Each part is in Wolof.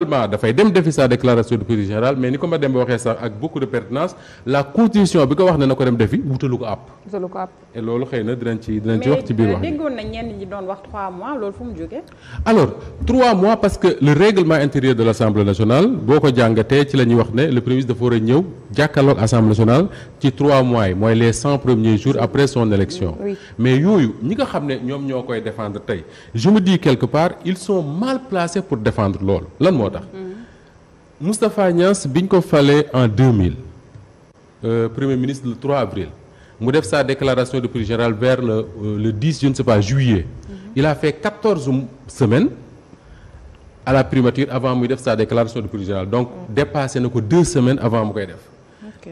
finalement dafay dem defi sa déclaration de politique générale bi ko wax ne na ko dem defi na dinañ ci dinañ ci wax. ci biir wax euh, mois alors 3 mois parce que le règlement intérieur de l' assemblée nationale boo ko jàngatee ci la ñuy wax ne le premier ministre dafa war a ñëw jàkkaarloog assemblée mois yi les 100 premiers jours après son élection. Oui. mais yooyu ñi nga xam ne ñoom ñoo koy défendre tey je me dis quelque part ils sont mal placés pour défendre lool lan moo moo tax Moustapha Niass biñ ko falee en 2000 mille euh, premier ministre le 3 avril mu def sa déclaration de politique générale vers le euh, le 10 je pas juillet mm -hmm. a fait 14 semaines à la primature avant muy def sa déclaration de politique générale donc mm -hmm. dépassé na ko deux semaines avant mu koy def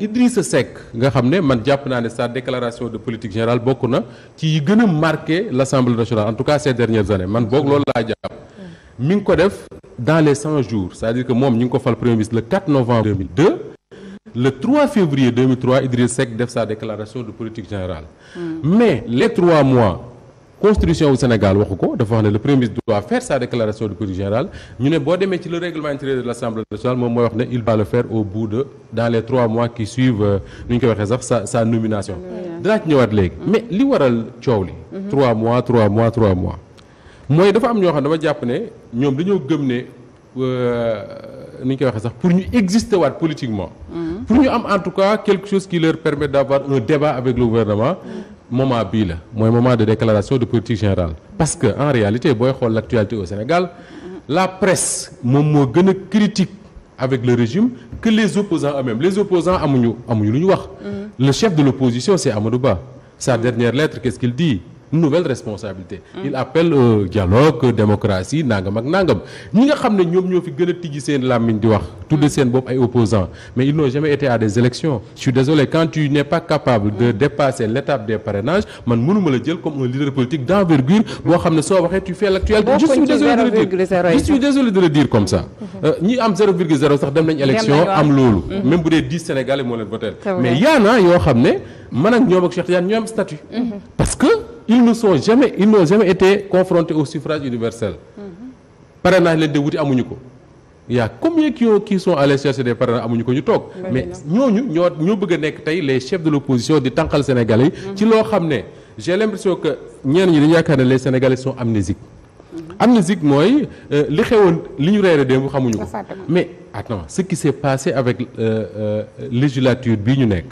Idrissa Seck nga xam ne man jàpp naa ne sa déclaration de politique générale bokk na ci yi gën a marqué l'Assemblée nationale en tout cas ces dernières années man mi ngi ko def dans les cent jours cest dire que moom ñu ngi ko fal premier ministre le 4 novembre 2002 le 3 février 2003 Idriss Seck def sa déclaration de politique générale. Mm. mais les trois mois constitution wu Sénégal waxu ko dafa wax ne le premier ministre doit faire sa déclaration de politique générale ñu ne boo demee ci le règlement intérieur de l'Assemblée nationale moom mooy wax ne il va le faire au bout de dans les trois mois qui suivent euh, nu ñu ko waxee sax sa sa nomination. dinaa ci ñëwaat léegi. Hmm. mais li waral li. Hmm. trois mois trois mois trois mois. mooy dafa am ñoo xam dama jàpp ne ñoom dañoo gëm ne euh, ni ñu koy waxee sax pour ñu exister waat politiquement. Mm-hmm. pour ñu am en tout cas quelque chose qui leur permet d'avoir un débat avec le gouvernement. Mm-hmm. moment bii la mooy moment de déclaration de politique générale. parce que en réalité booy xool l'actualité au Sénégal. Mm-hmm. la presse moom moo gën a critique avec le régime que les opposants eux les opposants amuñu amuñu lu ñu wax. le chef de l'opposition c'est Amadou Ba. sa dernière lettre qu'est-ce qu'il nouvelle responsabilité il appelle euh, dialogue démocratie nangam ak nangam ñi nga xam ne ñoom ñoo fi gën a tijji seen làmmiñ di wax tudde seen bopp ay opposants mais ils n'ont jamais été à des élections je désolé quand tu n'es pas capable de dépasser l'étape des parrainages man mënuma la jël comme un leader politique d'envergure boo xam ne soo waxee tu fais l'actualité je suis désolé de le dire je suis désolé de le dire comme ça mhm. euh, ñi am sax dem nañ élection am loolu mhm. même bu dee 10 Sénégalais moo leen voté mais yaana yoo xam ne man ak ñoom ak Cheikh Tidiane ñoo am statut mhm. parce que ils ne sont jamais ils n'ont jamais été confrontés au suffrage universel parrainage leen amuñu ko il y a combien qui ont qui sont allés chercher amuñu ko ñu toog. mais ñooñu ñoo ñoo bëgg a nekk tey les chefs de l'opposition di tànqal Sénégalais yi. ci loo xam ne j'ai l'impression que ñenn ñi dañu yaakaar ne les Sénégalais am amnésiques. Mhm. amnésique mooy euh, li xewoon li ñu reere démb xamuñu ko mais attends ce qui s'est passé avec euh, euh, législature bii ñu nekk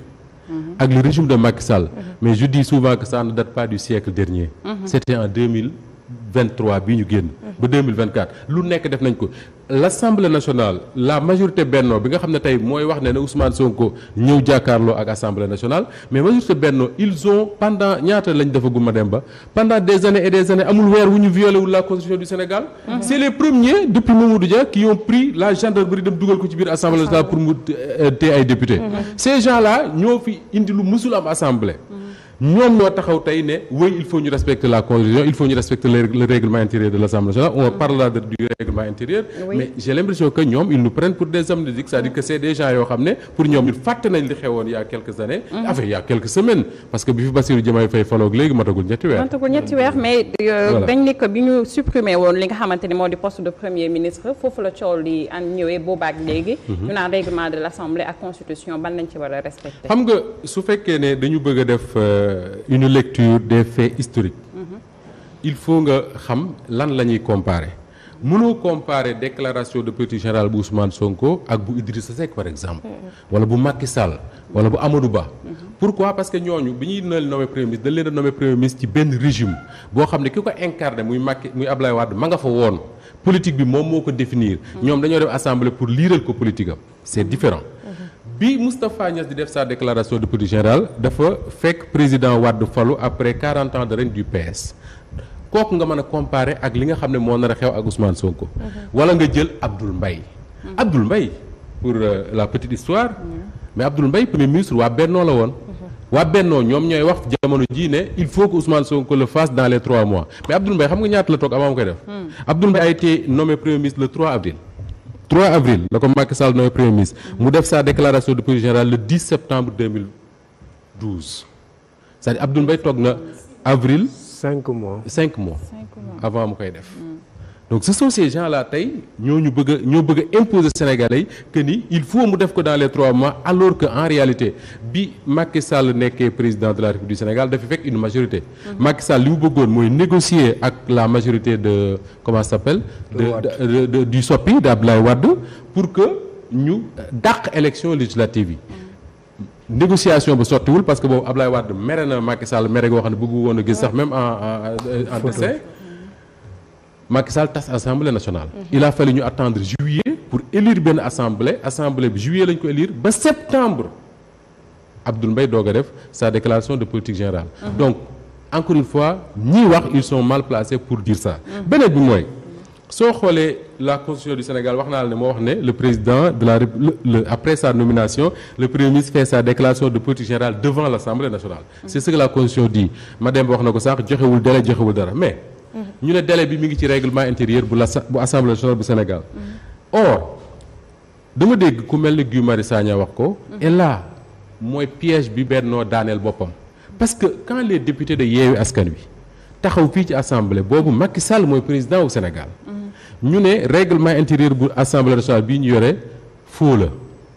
mhm. ak le régime de Macky Sall mhm. mais je dis souvent que ça ne date pas du siècle dernier c'était en 2023 bii ñu génn ba 2024 lu nekk def nañ ko l'Assemblée nationale la majorité Benno bi nga xam ne tey mooy wax ne ne Ousmane Sonko ñëw jàkkaarloo ak Assemblée nationale mais majorité Benno ils on pendant ñaata lañ defagum ma dem ba pendant des années et des années amul weer wu ñu violé wul la constitution du Sénégal. Mm -hmm. c'est les premiers depuis Mamadou Dia qui ont pris la gendarmerie dem dugal ko ci biir Assemblée nationale pour mu euh, téye ay députés. Mm -hmm. ces ñoo fi indi lu musul am assemblée. ñoom ñoo taxaw tey ne oui il faut ñu respecter la constitution il faut ñu respecter le règlement intérieur de l'Assemblée nationale on parlera du règlement intérieur mais j'ai l'impression que ñoom ils nous prennent pour des hommes politiques que c'est des yoo xam ne pour ñoom il fàtte nañ li xewoon il quelques années mm-hmm. enfin il y quelques semaines parce que bi fi Bassirou Diomaye Faye faloog léegi matagul ñetti weer mais euh, dañ ne bi ñu supprimer woon li nga xamante Euh, une lecture des faits historiques mm-hmm. il faut nga xam lan la ñuy comparer mënoo comparer déclaration de politique générale bu Ousmane Sonko ak bu Idrissa Seck par exemple mm-hmm. wala bu Macky Sall wala bu Amadou Ba mm-hmm. pourquoi parce que ñooñu bi ñuy nal nommé premier ministre dañ leen a premier ministre ci benn régime boo xam ne ki ko incarné muy Macky muy Ablaye Wade ma nga fa woon politique bi moom moo ko définir ñoom dañoo dem assemblée pour liiral ko politique am c'est différent bi Moustapha Niass di def sa déclaration de politique générale dafa fekk président Wade falu après 40 ans de règne du PS kooku nga mën a comparer ak li nga xam ne moo nar a xew ak Ousmane Sonko. Mhm. wala nga jël Abdoul Mbaye. Mhm. Abdoul Mbaye pour euh, la petite histoire. Mhm. mais Abdoul Mbaye premier ministre waa Bennoo la woon. waa Bennoo ñoom ñooy wax jamono jii ne il faut que Ousmane Sonko le fasse dans les trois mois mais Abdoul Mbaye xam nga ñaata la toog avant mu koy def. Hmm. le 3 avril. 3 avril la ko Macky Sall nooy premier ministre mu def sa déclaration de politique générale le 10 septembre 2012 c'est-à-dire Abdoul Mbaye toog na avril. 5 mois 5 mois. mois avant mu koy def. Mm. donc ce sont ces gens-là tey ñooñu bëgg a ñoo bëgg a imposer Sénégalais que ni il faut mu def ko dans les trois mois alors que en réalité bi Macky Sall nekkee président de la République du Sénégal dafa fekk une majorité. Mhm. Macky Sall li mu bëggoon mooy négocier ak la majorité de comment ça s'appelle. de de du soppi d'Abdoulaye Wade pour que ñu dàq élection législative yi. Mhm. négociation ba sottiwul parce que boobu Abdoulaye Wade mere na Macky Sall mere goo xam ne bëggu woon a gis sax même en en Macky Sall tas assemblée nationale. il a fallu ñu attendre juillet pour élire benn assemblée assemblée bi juillet lañ ko élire ba septembre Abdoul Mbaye doog def sa déclaration de politique générale. Mhm. donc encore une fois ñiy wax ils sont mal placés pour dire ça. Mhm. beneen bi mooy soo xoolee la constitution du Sénégal wax naa la ne moo wax ne le président de la le après sa nomination le premier ministre fait sa déclaration de politique générale devant l' assemblée nationale. Mhm. ko sax joxewul délai dara mais. ñu ne délai bi mi ngi ci règlement intérieur bu la bu assemblée nationale bu Sénégal. Mm-hmm. or dama dégg ku mel ni Guy Marius Sagna wax ko. Mm-hmm. et là mooy piège bi Benno daaneel boppam. parce que quand les députés de Yewwi Askan Wi taxaw fii ci assemblée boobu Macky Sall mooy président wu Sénégal. Mm-hmm. ñu ne réglement intérieur bu assemblée nationale bii ñu yore faux la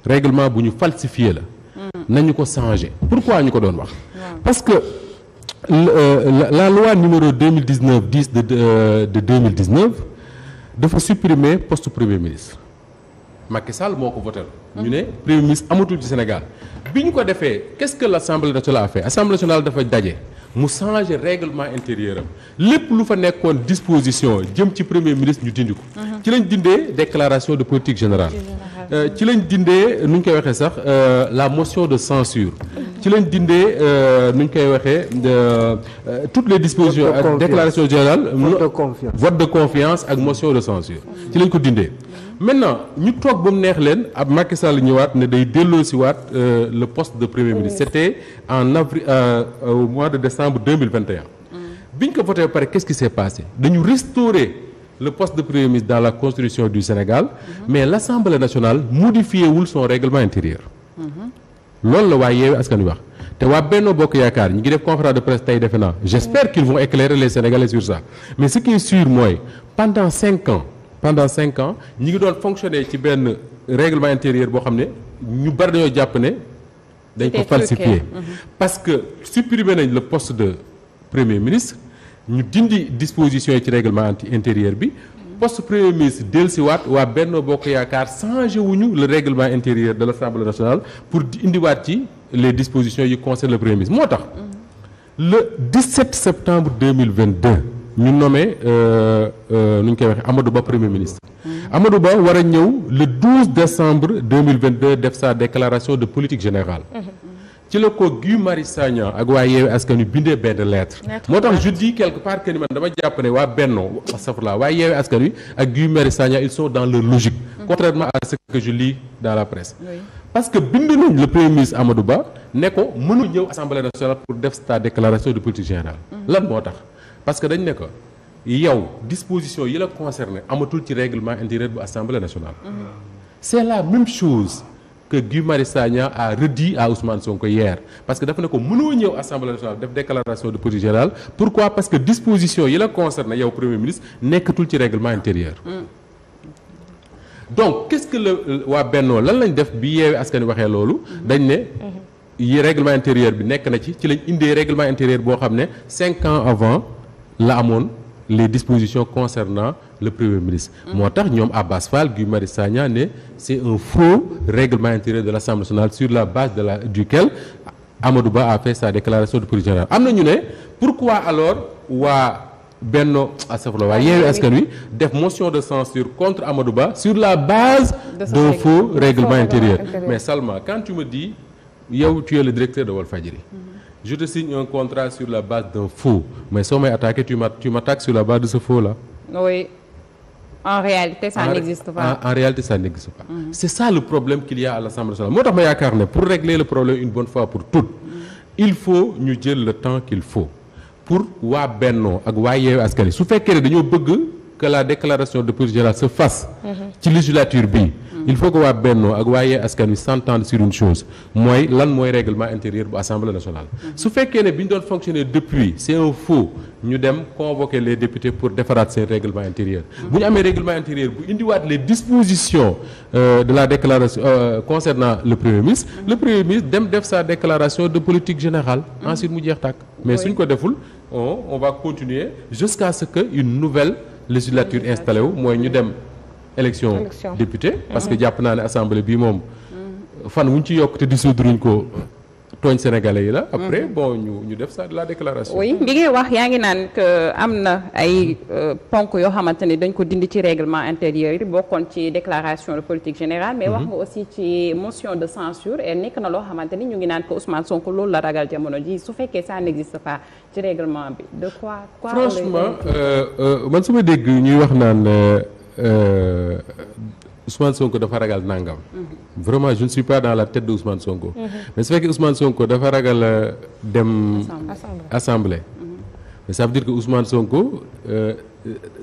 règlement bu ñu falsifié la. nañu ko pour pourquoi ñu ko doon wax. parce Euh, la loi numéro 2019 10 de euh, de, de 2019 dafa supprimer poste premier ministre Macky Sall moo ko voté ñu ne premier ministre amatul ci Sénégal bi ñu ko defee qu'est-ce que l'Assemblée nationale a fait Assemblée nationale dafa daje mu changé règlement intérieur am lépp lu fa nekkoon disposition jëm ci premier ministre ñu dindi ko. Mhm. ci lañ dindee déclaration de politique générale. Euh, ci lañ dindee nu ñu koy waxee sax la motion de censure ci lañ dindee euh, nu ñu koy waxee euh, toutes les dispositions ak déclaration générale vote de confiance ak motion de censure ci lañ ko dindee maintenant ñu toog ba mu neex leen ab Macky Sall ñëwaat ne day delloosiwaat euh, le poste de premier ministre en avril au mois de décembre 2021 bi ñu ko voté ba pare qu'est-ce qui s'est passé dañu restaurer le de premier ministre dans la constitution du Sénégal mm-hmm. mais l'Assemblée nationale modifié wul son règlement intérieur mm-hmm. lool la waa yeewi askan wi wax te waa Benno Bokk Yaakaar ñu ngi def conférence de presse tey defe naa j'espère qu'ils vont éclairer les Sénégalais sur ça mais ce qui est mooy pendant cinq ans pendant cinq ans ñi ngi doon fonctionner ci benn règlement intérieur boo xam ne ñu bari dañoo jàpp ne dañ ko falsifier mhm. parce que supprimer nañ le poste de premier ministre ñu dindi disposition yi ci règlement intérieur bi poste premier ministre dellusiwaat waa benn Bokk Yaakaar changé wuñu le règlement intérieur de l'Assemblée nationale pour indiwaat ci les dispositions yi concerne le premier ministre moo tax. le 17 septembre 2022 ñu nommé euh, euh, nu ñu koy waxee Amadou Ba premier ministre. Amadou Ba war a ñëw le 12 vingt 2022 def sa déclaration de politique générale. ci la ko Guy Marius Sagna ak waa Yewwi Askan Wi bindee benn lettre moo tax je dis quelque part que ni man dama jàpp ne waa Benno astafurlah waa Yewwi Askan Wi ak Guy Marius Sagna ils sont dans leur logique mm-hmm. contrairement à ce dans la presse parce que bind nañ le premier ministre Amadou Ba ne ko mënul ñëw assemblée nationale pour def sa déclaration de politique générale mm-hmm. lan moo tax parce que dañu ne ko yow disposition yi la concerné amatul ci règlement intérieur bu assemblée nationale mm-hmm. c'est la même chose que Guy Marius Sagna a redit à Ousmane Sonko hier parce que dafa ne ko mënoo ñëw assemblée nationale def déclaration de politique générale pourquoi parce que disposition yi la concerne yow premier ministre nekkatul ci réglement intérieur. Mm. donc qu'est-ce que le waa Bennoo lan lañ def bi yeewee askan waxee loolu. Mm-hmm. dañ ne. Mm-hmm. yi règlement intérieur bi nekk na ci ci lañ indee réglement intérieur boo xam ne cinq ans avant la amoon les dispositions concernant. le premier ministre. moo tax ñoom Abbas Fall Guy Marius Sagna ne c'est un faux règlement intérieur de l'Assemblée nationale sur la base de la duquel Amadou Ba a fait sa déclaration de politique générale am na ñu ne pourquoi alors waa Benno Asafala ah, waa Askan Wi def motion de censure contre Amadou Ba sur la base d'un faux règlement intérieur mais Salma quand tu me dis yow tu es le directeur de Walfadjri je te signe un contrat sur la base d'un faux mais soo may attaqué tu ma sur la base de ce faux en réalité ça n'existe pas. En, en réalité ça n'existe pas. Mm -hmm. C'est ça le problème qu'il y a à l'Assemblée nationale moo tax ma yaakaar ne pour régler le problème une bonne fois pour toutes mm-hmm. il faut ñu jël le temps qu'il faut pour waa Bennoo ak waa Yewwi Askan Wi su fekkee ne dañoo bëgg. que la déclaration de politique générale se fasse ci législature bi il faut que waa Benno ak waa Yewwi Askan Wi s'entendent sur une chose mooy lan mooy règlement intérieur bu assemblée nationale su fekkee ne bi ñu doon fonctionner depuis c'est un faux ñu dem convoquer les députés pour defaraat seen règlement intérieur bu ñu amee règlement intérieur bu indiwaat les dispositions euh, de la déclaration euh, concernant le premier ministre le premier ministre dem def sa déclaration de politique générale ensuite mu jeex tàkk mais suñ ko deful on continuer jusqu'à ce que une nouvelle législature installé wu mooy ñu dem élection député parce que mm-hmm. jàpp naa ne assemblée bi moom mm-hmm. fan wuñ ci yokk te dissoudre ko tooñ sénégalais yi la. Mhm. après bon ñu ñu def ça de la déclaration. oui bi ngay wax yaa ngi naan am na ay euh, ponk yoo xamante ni dañ ko dindi ci réglement intérieur yi bokkoon ci déclaration de politique générale. mais wax mhm. nga aussi ci motion de censure et nekk na loo xamante ni ñu ngi naan que Ousmane Sonko loolu la ragal jamono ji su fekkee ça n'existe pas ci règlement bi de quoi. quoi euh, euh, man su ma dégg ñuy wax naan. Ousmane Sonko dafa ragal nangam. vraiment je ne suis pas dans la tête de Sonko. mais su fekkee Ousmane Sonko dafa ragal euh, dem. assemblée mais ça veut dire que Ousmane Sonko euh,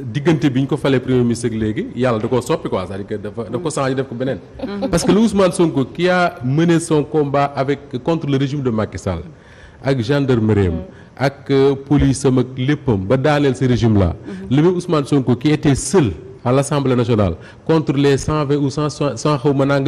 diggante bi ñu ko falee premier ministre léegi yàlla da koo soppi quoi c'est-à-dire que def ko beneen. parce que le Sonko qui a mené son combat avec contre le régime de Macky Sall ak gendarmerie am ak euh, police am ak léppam ba daaneel ce régime là. le même Sonko qui était seul. à l'Assemblée nationale contre les cent vingt ou cent cent xaw ma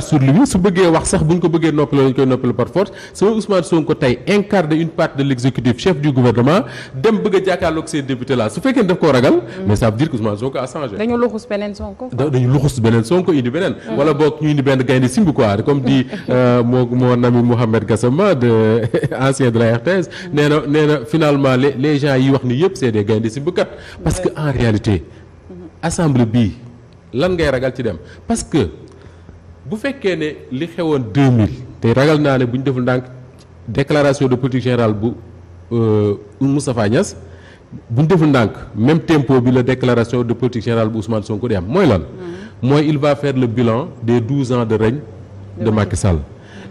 su bëggee wax sax bu ko bëggee noppaloo ñu koy noppaloo par force sama Ousmane Sonko tey incarne une partie de l'exécutif chef du gouvernement ragal. Mm. mais ça veut dire que Ousmane Sonko a dañu luxus beneen Sonko. dañu indi beneen. Mm. wala boog ñu indi benn gaynde simbi quoi comme di euh, moo mon ami Mouhamed de ancien de la RTS mm. nee na finalement les yi wax ni yëpp c'est des gaynde simbakat parce que en réalité assemblée bii lan ngay ragal ci dem parce que bu fekkee ne li xewoon 2000 te ragal naa ne bu ñu deful ndànk déclaration de politique générale bu euh, Moustapha Niass bu ñu deful ndànk même tempo bi la déclaration de politique générale bu Ousmane Sonko di am mooy lan. Mmh. mooy il va faire le bilan des 12 ans de règne de Macky Sall.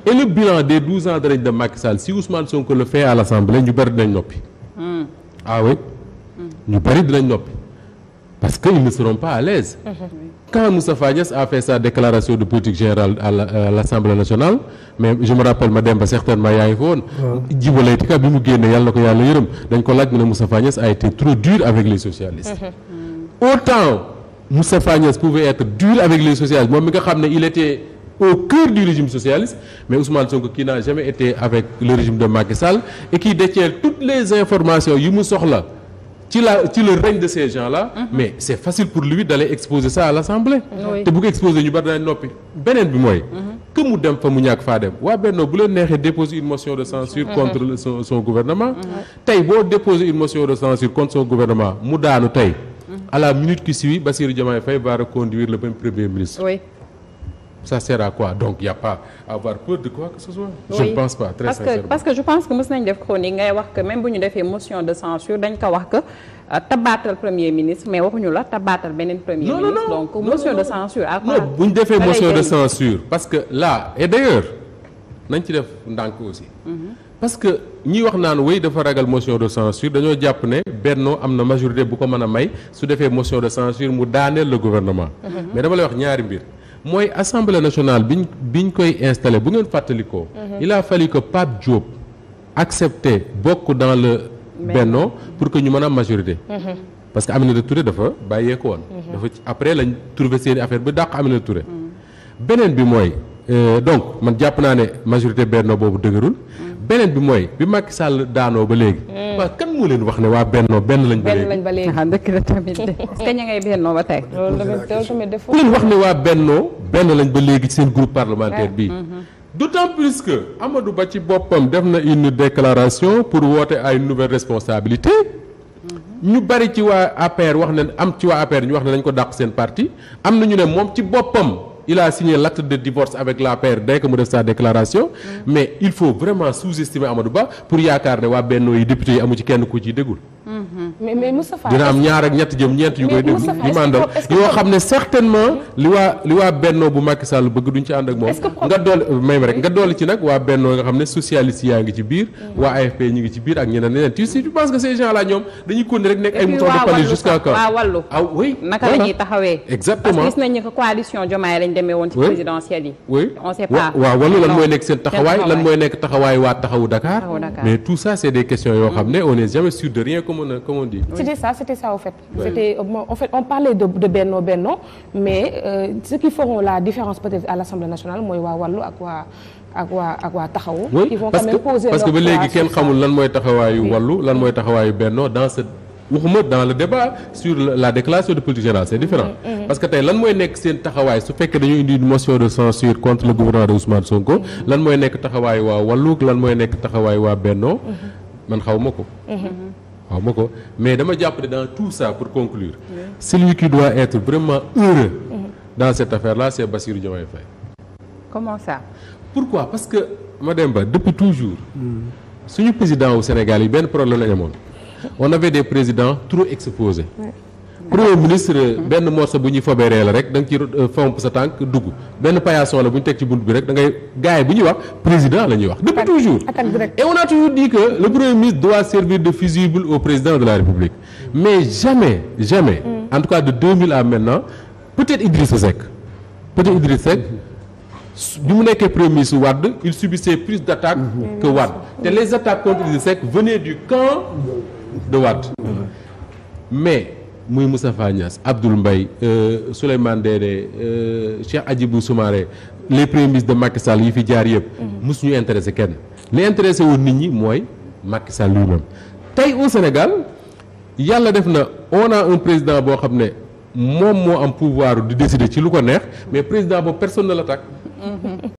et le bilan des 12 ans de règne de Macky Sall si Ousmane Sonko le fait à l'Assemblée ñu bari nañ noppi. Mmh. ah oui ñu bëri dinañ noppi parce que ils ne seront pas à l'aise mmh. quand Moustapha Niasse a fait sa déclaration de politique générale à l'Assemblée nationale mais je me rappelle ma dem ba certainement yaa ngi fa woon bi mu génne yàlla ko yàlla yërëm dañ ko laaj mu ne Moustapha Niasse a été trop dur avec les socialistes mmh. autant Moustapha Niasse être dur avec les socialistes moom mi nga xam ne il était au cœur du régime socialiste mais Ousmane Sonko qui n'a jamais été avec le régime de Macky Sall et qui détient toutes les informations yu mu soxla ci la ci le règne de ces la mhm. mais c'est facile pour lui d'aller exposer ça à l'Assemblée. te bu exposer ñu bari nañ noppi. beneen bi mooy. Mhm. que mu dem fa mu ñàkk faa dem waa Benno bu leen neexee déposer une motion de censure mhm. contre mm -hmm. son son gouvernement. tey boo déposer une motion de censure contre son gouvernement mu daanu tey. à la minute qui suit ça sert à quoi donc il pas avoir peur de quoi que ce soit. je ne pense pas très parce sincèrement. que parce que je pense que mës nañ def chronique ngay wax que même bu ñu defee motion de censure dañ ko wax que euh, tabaatal premier ministre mais waxuñu la tabaatal beneen premier non, ministre. Non, non, donc motion de censure à bu ñu defee motion de censure parce que là et d'ailleurs nañ ci def ndànk aussi. Mhm. parce que ñi wax naan wéy dafa ragal motion de censure dañoo jàpp ne Benno am na majorité bu ko mën a may su defee motion de censure mu daaneel le mooy assemblée nationale bi biñ koy installé bu ngeen fàttalikoo. Mhm. il a fallu que Pape Diop accepté bokk dans le. Benno pour que ñu mën a am majorité. Mhm. parce que Aminata Touré dafa bàyyeeku woon. Mhm. dafa après lañ trouvé seen affaire bi dàq Aminata Touré. beneen bi mooy euh, donc man jàpp naa ne majorité Benno boobu dëgërul. beneen bi mooy bi Macky sàll daanoo ba léegi. Hmm. waaw kan moo leen wax ne waa bennoo benn lañ. ba léegi benn lañ ba tamit de est-ce que ña ngay wax ne waa bennoo benn lañ ba léegi ci seen groupe parlementaire bii. Hmm, hmm, du plus que Amadou Ba ci boppam def na une déclaration pour woote ay nouvelle responsabilité ñu bari ci waa APR wax nañ am ci waa APR ñu wax ne nañ ko dàq seen parti am na ñu ne moom ci boppam. il a signé l'acte de divorce avec sa déclaration mm. mais il faut vraiment sous-estimer Amadou Ba pour yaakaar li waa li bu Macky Sall bëgg duñ ci ànd ak moom nga dool may ma rek nga dool ci nag waa Benno nga xam ne socialiste yaa ngi ci biir mm. waa AFP ñu ngi ci biir ak ñeneen ñeneen tu sais tu penses que ces gens ñoom dañuy continuer rek nekk ay moutons waa wàllu ah naka la taxawee exactement parce que gis nañ ne coalition Diomaye lañ leen demee woon. ci présidentielle yi. on sait pas waaw wala lan mooy nekk seen taxawaay lan mooy nekk taxawaay waa taxawu Dakar. mais tout ça c' est des questions xam ne mm-hmm. on est de rien comme on comme on dit. c' était ça c' était fait. c' euh, en fait de Benno Benno mais euh, ce qui feront la différence peut à l' nationale mooy waa wàllu ak waa. taxawu. parce que ba léegi kenn xamul lan mooy taxawaayu wàllu lan mooy taxawaayu Benno dans ce waxuma dans le débat sur la déclaration de politique générale c'est différent mm, mm. parce que tey lan mooy nekk seen taxawaay su fekkee dañu indi une motion de censure contre le gouvernement de Ousmane Sonko mm. lan mooy nekk taxawaay waa Wallu lan mooy nekk taxawaay waa Benno mm-hmm. man xaw ma ko mm-hmm. xaw ma ko mais dama jàpp ne dans tout ça pour conclure celui qui doit être vraiment heureux mm-hmm. dans cette affaire là c'est Bassirou Diomaye Faye comment ça pourquoi parce que Mademba depuis toujours suñu président wu Sénégal yi benn problème lañ amoon on avait des présidents trop exposés. premier ministre benn morceau bu ñuy fobeeree la rek da nga ci euh, fomp sa tànk dugg benn paillasson la bu ñu teg ci bunt bi rek da ngay gars yi bu ñuy wax président la ñuy wax depuis toujours et on a toujours dit que le premier ministre doit servir de fusible au président de la république mais jamais jamais mm. en tout cas de 2000 à maintenant peut-être Idrissa Seck peut-être Idrissa Seck bi mu nekkee premier ministre Wade il subissait plus d'attaques mm-hmm. que Wade mm-hmm. de Wade mais muy Moustapha Niass Abdoul Mbaye euh, Souleymane Dédé euh, Cheikh Hadjibou Soumaré les premiers de Macky Sall yi fi jaar yëpp mosu ñu intéressé kenn li intéressé woon nit ñi mooy Macky Sall lui tey au Sénégal yàlla def na on a un président boo xam ne moom moo am pouvoir di décider ci lu ko neex mais président boobu personne ne l'attaque mm-hmm.